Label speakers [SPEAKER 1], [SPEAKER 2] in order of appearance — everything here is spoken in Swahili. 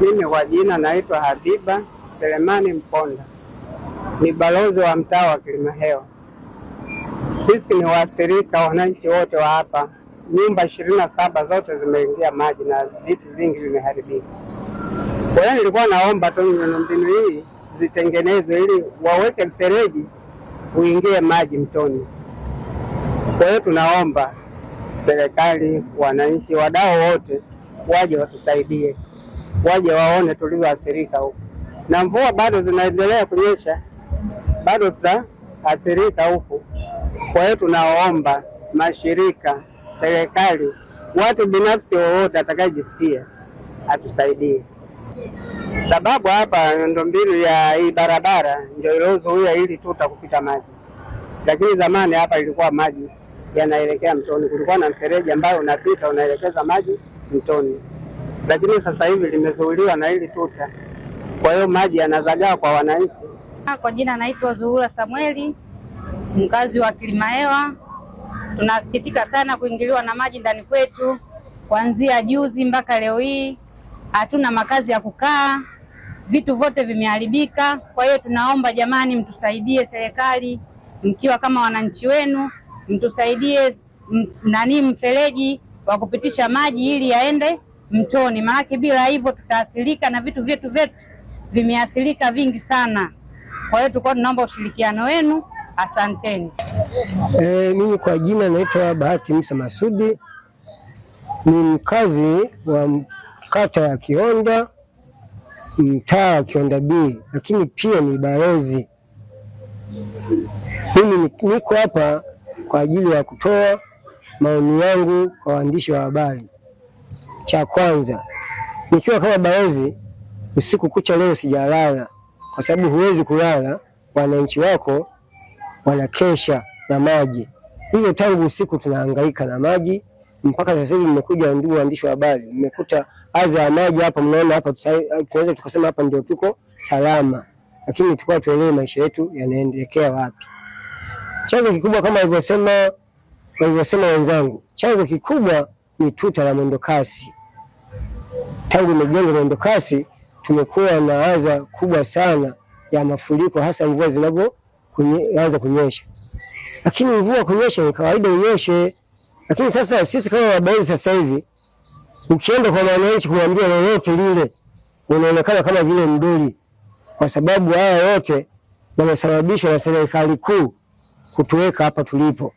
[SPEAKER 1] Mimi kwa jina naitwa Habiba Selemani Mponda, ni balozi wa mtaa wa Kilimahewa. Sisi ni waathirika, wananchi wote wa hapa. Nyumba ishirini na saba zote zimeingia maji na vitu vingi vimeharibika. Kwa hiyo nilikuwa naomba tu miundombinu hii zitengenezwe ili waweke mfereji uingie maji mtoni. Kwa hiyo tunaomba serikali, wananchi, wadau wote waje watusaidie waje waone tulivyoathirika huku, na mvua bado zinaendelea kunyesha, bado tutaathirika huku. Kwa hiyo tunaomba mashirika, serikali, watu binafsi wowote atakayejisikia atusaidie, sababu hapa miundombinu ya hii barabara ndio iliozuia ili tuta kupita maji, lakini zamani hapa ilikuwa maji yanaelekea mtoni, kulikuwa na mfereji ambayo unapita unaelekeza maji mtoni lakini sasa hivi limezuiliwa na hili tuta, kwa hiyo maji yanazagaa kwa wananchi.
[SPEAKER 2] Ah, kwa jina naitwa Zuhura Samweli, mkazi wa Kilimahewa. Tunasikitika sana kuingiliwa na maji ndani kwetu, kuanzia juzi mpaka leo hii hatuna makazi ya kukaa, vitu vyote vimeharibika. Kwa hiyo tunaomba jamani, mtusaidie serikali, mkiwa kama wananchi wenu, mtusaidie nani mfereji wa kupitisha maji ili yaende mtoni, maanake bila hivyo tutaathirika na vitu vyetu vyetu vimeathirika vingi sana. Kwa hiyo tulikuwa tunaomba ushirikiano wenu, asanteni.
[SPEAKER 3] Eh, mimi kwa jina naitwa Bahati Musa Masudi, ni mkazi wa kata ya kionda mtaa wa kionda B, lakini pia ni balozi. Mimi niko hapa kwa ajili ya kutoa maoni yangu kwa waandishi wa habari cha kwanza, nikiwa kama balozi usiku kucha leo sijalala, kwa sababu huwezi kulala, wananchi wako wanakesha na maji. Hivyo tangu usiku tunahangaika na maji mpaka sasa hivi mmekuja, ndugu waandishi wa habari, mmekuta adha ya maji hapa. Mnaona hapa, tunaweza tukasema hapa ndio tuko salama, lakini tulikuwa tuelewe maisha yetu yanaendelea wapi. Chanzo kikubwa kama alivyosema walivyosema wenzangu, chanzo kikubwa ni tuta la mwendokasi tangu imejengwa mwendokasi tumekuwa na adha kubwa sana ya mafuriko, hasa mvua zinapoanza kunyesha. Lakini mvua kunyesha ni kawaida, inyeshe. Lakini sasa sisi kama wabaezi, sasa hivi ukienda kwa wananchi kuambia lolote lile, unaonekana kama vile mdoli, kwa sababu haya yote yamesababishwa na serikali kuu kutuweka hapa tulipo.